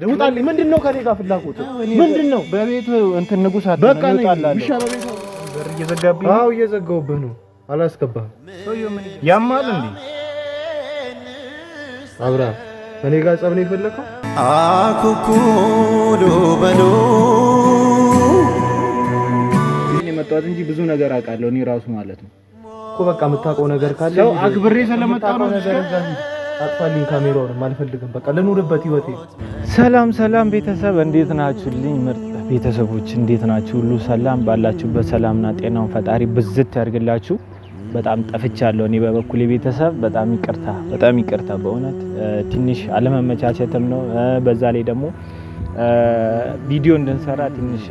ፈቀደ። ውጣልኝ! ምንድን ነው ከኔ ጋር ፍላጎት? ምንድን ነው በቤቱ እንትን ንጉሥ አለ። በቃ እየዘጋብኝ። አዎ እየዘጋሁብህ ነው። አላስገባህም። ያማል እንዴ አብርሃም? እኔ ጋር ጸብ ነው የፈለከው? አኩኩሉ በሉ የመጣሁት እንጂ ብዙ ነገር አውቃለሁ እኔ ራሱ ማለት ነው እኮ በቃ የምታውቀው ነገር ካለ አክብሬ ስለመጣ ነው አጥፋልኝ ካሜራውን አልፈልግም። በቃ ልኑርበት ህይወቴ። ሰላም ሰላም ቤተሰብ እንዴት ናችሁልኝ? ምርጥ ቤተሰቦች እንዴት ናችሁ? ሁሉ ሰላም ባላችሁበት ሰላምና ጤናውን ፈጣሪ ብዝት ያድርግላችሁ። በጣም ጠፍቻለሁ እኔ በበኩል ቤተሰብ በጣም ይቅርታ፣ በጣም ይቅርታ። በእውነት ትንሽ አለመመቻቸትም ነው። በዛ ላይ ደግሞ ቪዲዮ እንድንሰራ ትንሽ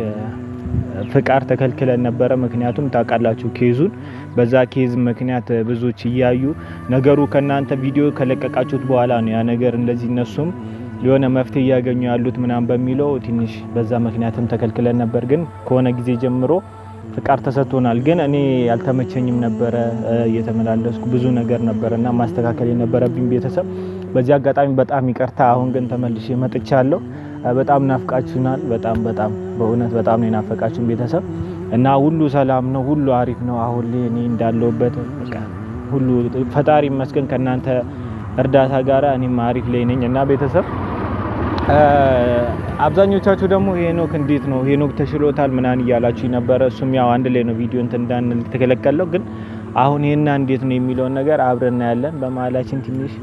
ፍቃድ ተከልክለን ነበረ። ምክንያቱም ታውቃላችሁ ኬዙን። በዛ ኬዝ ምክንያት ብዙዎች እያዩ ነገሩ ከእናንተ ቪዲዮ ከለቀቃችሁት በኋላ ነው ያ ነገር እንደዚህ እነሱም የሆነ መፍትሄ እያገኙ ያሉት ምናምን በሚለው ትንሽ በዛ ምክንያትም ተከልክለን ነበር። ግን ከሆነ ጊዜ ጀምሮ ፍቃድ ተሰጥቶናል። ግን እኔ ያልተመቸኝም ነበረ እየተመላለስኩ ብዙ ነገር ነበረ ማስተካከል የነበረብኝ ቤተሰብ። በዚህ አጋጣሚ በጣም ይቅርታ። አሁን ግን ተመልሼ መጥቻለሁ። በጣም ናፍቃችሁናል። በጣም በጣም በእውነት በጣም ነው የናፈቃችሁን ቤተሰብ እና ሁሉ ሰላም ነው፣ ሁሉ አሪፍ ነው። አሁን ላይ እኔ እንዳለሁበት ሁሉ ፈጣሪ ይመስገን። ከእናንተ እርዳታ ጋር እኔም አሪፍ ላይ ነኝ እና ቤተሰብ አብዛኞቻችሁ ደግሞ ሄኖክ እንዴት ነው ሄኖክ ተሽሎታል ምናምን እያላችሁ ነበረ። እሱም ያው አንድ ላይ ነው ቪዲዮ እንትን እንዳንል ተከለከለው። ግን አሁን ይህና እንዴት ነው የሚለውን ነገር አብረን እናያለን። በመሀላችን ትንሽ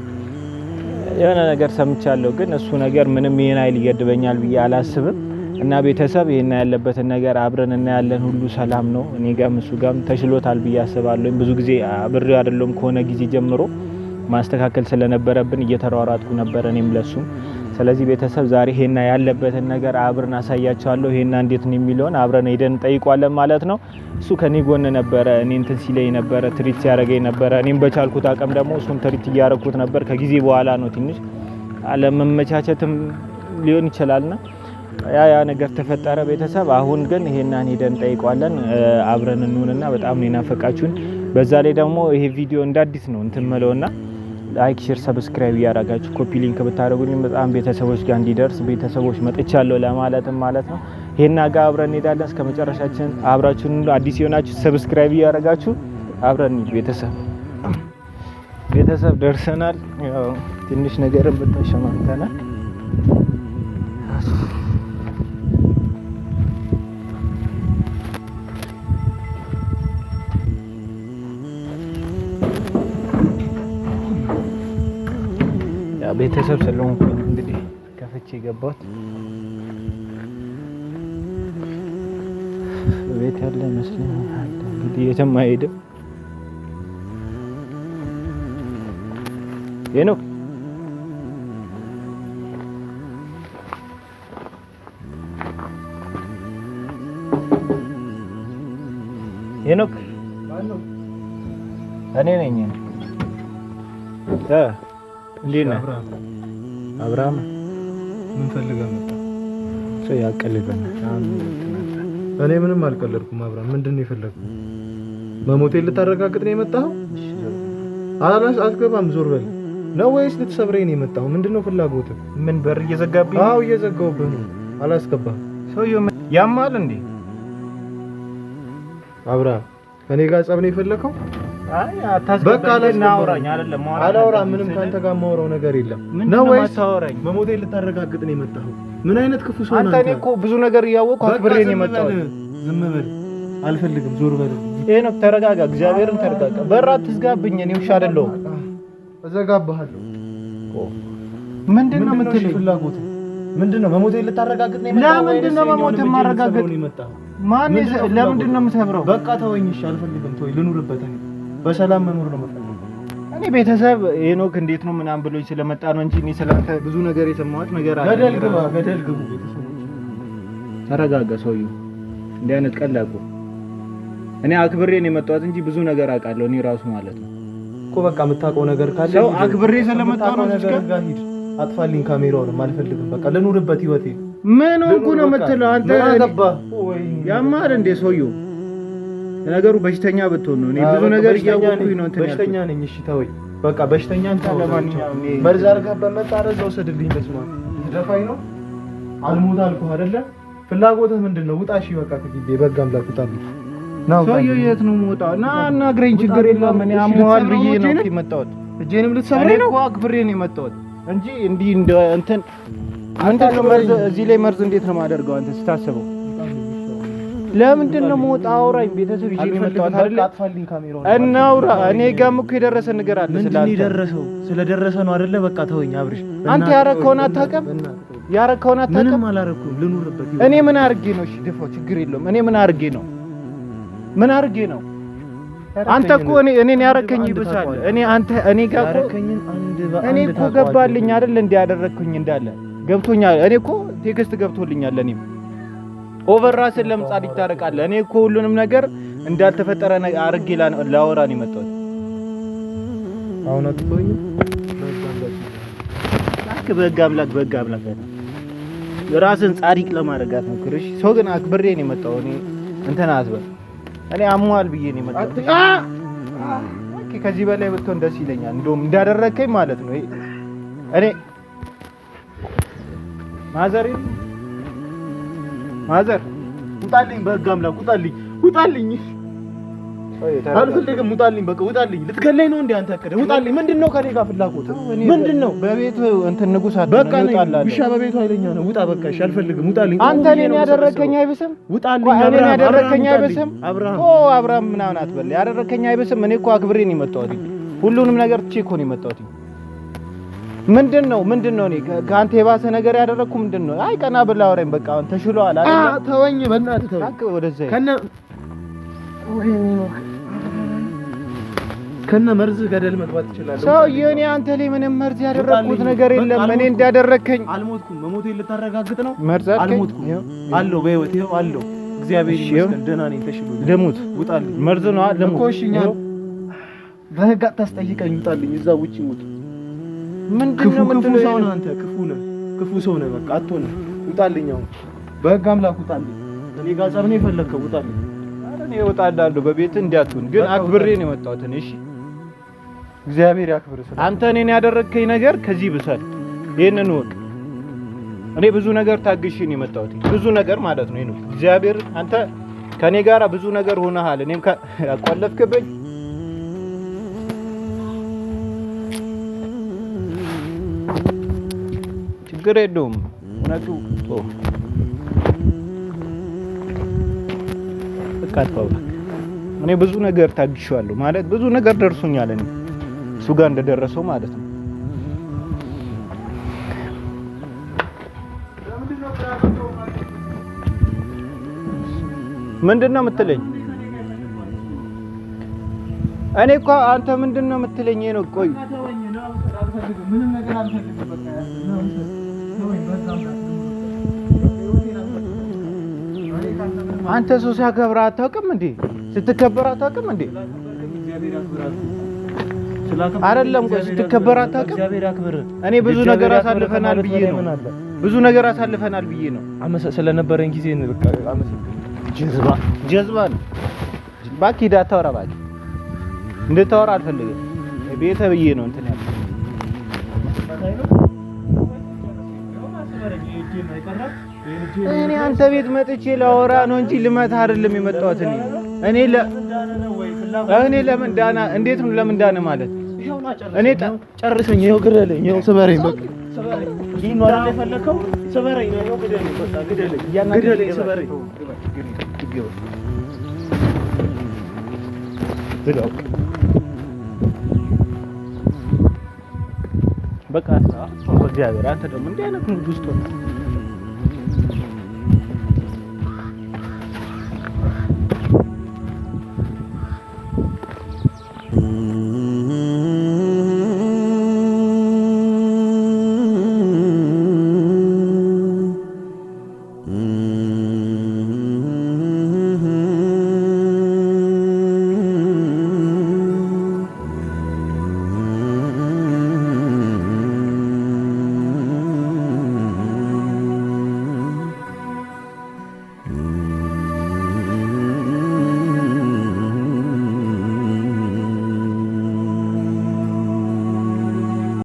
የሆነ ነገር ሰምቻለሁ፣ ግን እሱ ነገር ምንም ይህን አይል ይገድበኛል ብዬ አላስብም። እና ቤተሰብ ይህ ያለበትን ነገር አብረን እናያለን። ሁሉ ሰላም ነው። እኔ ጋም እሱ ጋም ተችሎታል ብዬ አስባለሁ። ብዙ ጊዜ አብሬ አይደለም ከሆነ ጊዜ ጀምሮ ማስተካከል ስለነበረብን እየተሯሯጥኩ ነበረ እኔም ለሱም ስለዚህ ቤተሰብ ዛሬ ሄና ያለበትን ነገር አብረን አሳያቸዋለሁ። ሄና እንዴት ነው የሚለውን አብረን ሄደን ጠይቋለን ማለት ነው። እሱ ከኔ ጎን ነበረ፣ እኔ እንትን ሲለኝ ነበረ፣ ትሪት ሲያደርገኝ ነበረ። እኔም በቻልኩት አቅም ደግሞ እሱን ትሪት እያደረኩት ነበር። ከጊዜ በኋላ ነው ትንሽ አለመመቻቸትም ሊሆን ይችላልና ያ ያ ነገር ተፈጠረ። ቤተሰብ አሁን ግን ሄናን ሄደን ጠይቋለን። አብረን እንሁንና በጣም ነው የናፈቃችሁን። በዛ ላይ ደግሞ ይሄ ቪዲዮ እንዳዲስ ነው እንትን ላይክ፣ ሼር፣ ሰብስክራይብ እያደረጋችሁ ኮፒ ሊንክ ብታደርጉልኝ በጣም ቤተሰቦች ጋር እንዲደርስ ቤተሰቦች መጥቻለሁ ለማለትም ማለት ነው። ይሄን ጋ አብረን እንሄዳለን እስከ መጨረሻችን አብራችሁን። አዲስ የሆናችሁ ሰብስክራይብ እያደረጋችሁ አብረን ቤተሰብ ቤተሰብ ደርሰናል። ያው ትንሽ ነገር ብታሸማምተናል። ቤተሰብ ስለሆንኩ እንግዲህ ከፍቼ የገባሁት ቤት ያለ ይመስለኛል። እንግዲህ የትም አይሄድም። ሄኖክ ሄኖክ እኔ ነኝ እንዴት ነህ አብርሃም? ምን ፈልገህ መጣህ? ያቀልበን። እኔ ምንም አልቀለድኩም አብርሃም። ምንድን ነው የፈለግኩት? መሞቴ ልታረጋግጥ ነው የመጣኸው? አላስ አትገባም። ዞር በል ነው ወይስ ልትሰብረኝ ነው የመጣኸው? ምንድን ነው ፍላጎትህ? ምን በር እየዘጋብኝ? አዎ እየዘጋሁብህ ነው። አላስገባህም። ሰውዬው ያማል እንዴ አብርሃም? ከእኔ ጋር ጸብ ነው የፈለከው? በቃ አላውራኝ አይደለም አላውራ ምንም ከአንተ ጋር የማወራው ነገር የለም ነው ወይስ ታወራኝ መሞቴ ልታረጋግጥ ነው የመጣኸው ምን አይነት ክፉ ሰው ነው አንተ እኮ ብዙ ነገር እያወቅኩ አክብሬ ነው የመጣሁት ዝም በል አልፈልግም ዞር በል ይሄ ነው ተረጋጋ እግዚአብሔርን ተረጋጋ በራ አትዝጋብኝ እኔ ውሻ አይደለሁም እዘጋብሃለሁ ምንድን ነው የምትለኝ ፍላጎት ምንድን ነው መሞቴ ልታረጋግጥ ነው የመጣኸው ለምንድን ነው መሞቴ የማረጋግጥ ማን ለምንድን ነው የምሰብረው በቃ ተወኝ እሺ አልፈልግም ተወኝ ልኑርበት እኔ በሰላም መኖር ነው የምፈልገው። እኔ ቤተሰብ ሄኖክ እንዴት ነው ምናምን ብሎኝ ስለመጣ ነው እንጂ እኔ ስላንተ ብዙ ነገር የሰማሁት ነገር አለ። ገደል ግባ፣ ገደል ግቡ። ተረጋጋ ሰውዬው። እንዲህ አይነት ቀልድ አቁም። እኔ አክብሬ ነው የመጣሁት እንጂ ብዙ ነገር አውቃለሁ እኔ ራሱ ማለት ነው እኮ። በቃ የምታውቀው ነገር ካለ ሰው አክብሬ ስለመጣ ነው። ነገር ጋር ሂድ፣ አጥፋልኝ ካሜራውን። አልፈልግም በቃ ልኑርበት ህይወቴ። ምን ሆንኩ ነው የምትለው አንተ? ያማር እንዴ ሰውዬው ነገሩ በሽተኛ ብትሆን ነው። እኔ ብዙ ነገር እያወኩኝ ነው። እንትን በሽተኛ ነኝ። እሺ ተወኝ በቃ በሽተኛ እንትን ለማንኛውም መርዝ አድርገህበት በመጣረዝ አይደል? እዛው ስድልኝ። በስመ አብ ደፋኝ ነው። አልሞት አልኩህ አይደለ? ፍላጎትህ ምንድን ነው? ውጣ። እሺ በቃ ከግቤ በጋ አምላክ ውጣ። ሰውዬው የት ነው የምወጣው? ና አናግረኝ። ችግር የለም። እኔ አሞሃል ብዬ ነው እኮ የመጣሁት። እጄንም ልትሰብረኝ ነው? አክብሬ ነው የመጣሁት እንጂ እንዲህ እንደ እንትን አንተ መርዝ እዚህ ላይ መርዝ እንዴት ነው የማደርገው? አንተ ስታስበው ለምንድን ነው መውጣ? አውራኝ ቤተሰብ ይዤ የመጣሁት አይደለ? እናውራ። እኔ ጋም እኮ የደረሰ ነገር አለ። ምንድን የደረሰው? ስለደረሰ ነው አይደለ? በቃ ተወኝ አብርሽ። አንተ ያረከውን አታውቅም፣ ያረከውን አታውቅም። ምንም አላረኩም። ልኑርበት። እኔ ምን አድርጌ ነው? እሺ ድፎ ችግር የለውም። እኔ ምን አድርጌ ነው? ምን አድርጌ ነው? አንተ እኮ እኔ እኔን ያረከኝ ይብሳል። እኔ አንተ እኔ ጋር እኮ እኔ እኮ ገባልኝ አይደል? እንዲያደረግኩኝ እንዳለ ገብቶኛል። እኔ እኮ ቴክስት ገብቶልኛል እኔም ኦቨር ራስን ለምን ጻድቅ ታደርቃለህ? እኔ እኮ ሁሉንም ነገር እንዳልተፈጠረ አድርጌ ላወራ ነው የመጣሁት። እውነት ሆይ በሕግ አምላክ በሕግ አምላክ ራስን ጻድቅ ለማድረግ አትሞክር። እሺ ሰው ግን አክብሬ ነው የመጣሁት። እኔ እንትን አትበል። እኔ አሟል ብዬ ነው የመጣሁት። ከዚህ በላይ ብትሆን ደስ ይለኛል። እንደውም እንዳደረከኝ ማለት ነው እኔ ማዘሬ ማዘር ውጣልኝ፣ በህግ አምላክ ውጣልኝ፣ ውጣልኝ፣ አልፈልግም፣ ውጣልኝ፣ በቃ ውጣልኝ። ልትገለኝ ነው እንዴ አንተ? ከደ ውጣልኝ። ምንድን ነው ከኔ ጋር ፍላጎት ምንድን ነው? በቤቱ እንትን ንጉስ አትበቃ ብሻ፣ በቤቱ አይለኛ ነው። ውጣ፣ በቃ እሺ፣ አልፈልግም፣ ውጣልኝ። አንተ እኔን ያደረከኝ አይብስም? ውጣልኝ፣ እኔን ያደረከኝ አይብስም? ኦ አብርሃም ምናምን አትበል፣ ያደረከኝ አይብስም? እኔ እኮ አክብሬ ነው የመጣሁት፣ ሁሉንም ነገር ትቼ እኮ ነው የመጣሁት ምንድን ነው ምንድን ነው? እኔ ከአንተ የባሰ ነገር ያደረግኩ ምንድን ነው? አይ ቀና ብላ ወሬም በቃ አሁን ተሽሏል። አይ ተወኝ፣ በእናትህ ተወኝ። ወደዚያ ከነ ከነ መርዝ ገደል መግባት ይችላል። ሰውዬ እኔ አንተ ላይ ምንም መርዝ ያደረግኩት ነገር የለም። እኔ እንዳደረግከኝ አልሞትኩም። መሞቴን ልታረጋግጥ ነው? መርዝ አልሞትኩም። አለሁ፣ በህይወት ይኸው አለሁ። እግዚአብሔር ይመስገን፣ ደህና ነኝ። ተሽሎኝ ልሙት። ውጣልኝ። መርዝ ነው። ልሙት እኮ እሺ። እኛ በህግ አታስጠይቀኝ። ውጣልኝ። እዛ ውጪ ሙት ምንድነው? ምንድነው? ሰው ነህ አንተ፣ ክፉ ነህ፣ ሰው ነህ። በቃ አትሆንም። ውጣልኝ አሁን፣ በህግ አምላክ ውጣልኝ። እኔ ጋር ፀብ ነው የፈለግከው፣ ውጣልኝ። እኔ እወጣልሃለሁ። በቤት እንዲያትሁን ግን አክብሬ ነው የመጣሁት። እሺ፣ እግዚአብሔር ያክብር። አንተ እኔን ያደረግከኝ ነገር ከዚህ ብሰል፣ ይሄንን ወቅ እኔ ብዙ ነገር ታግሼ ነው የመጣሁት። ብዙ ነገር ማለት ነው። ይሄን እግዚአብሔር አንተ ከኔ ጋራ ብዙ ነገር ሆነሃል። እኔም አቋለፍክብኝ ችግር የለውም እውነቱ እኔ ብዙ ነገር ታግሻለሁ ማለት ብዙ ነገር ደርሶኛል እኔ እሱ ጋር እንደደረሰው ማለት ነው ምንድን ነው የምትለኝ? እኔ እኮ አንተ ምንድን ነው የምትለኝ ነው? ቆይ አንተ ሰው ሲያከብር አታውቅም እንዴ? ስትከበር አታውቅም እንዴ? አይደለም ቆይ፣ ስትከበር አታውቅም። እኔ ብዙ ነገር አሳልፈናል ብዬ ነው ብዙ ነገር አሳልፈናል ብዬ ነው ስለነበረን ጊዜ በቃ ጀዝባ ጀዝባ ነው። እባክህ ሂድ፣ አታወራ። እባክህ እንድታወራ አልፈልግም። ቤተ ብዬ ነው እንትን ያለው እኔ አንተ ቤት መጥቼ ላወራ ነው እንጂ ልመታ አይደለም የመጣሁት። እኔ እኔ ለ ለምን ዳና እንዴት ነው? ለምን ዳነ ማለት እኔ ጨርሰኝ። ይኸው ግደለኝ፣ ይኸው ስበረኝ፣ በቃ በቃ በእግዚአብሔር አንተ ደግሞ እንዲህ አይነት ውስጥ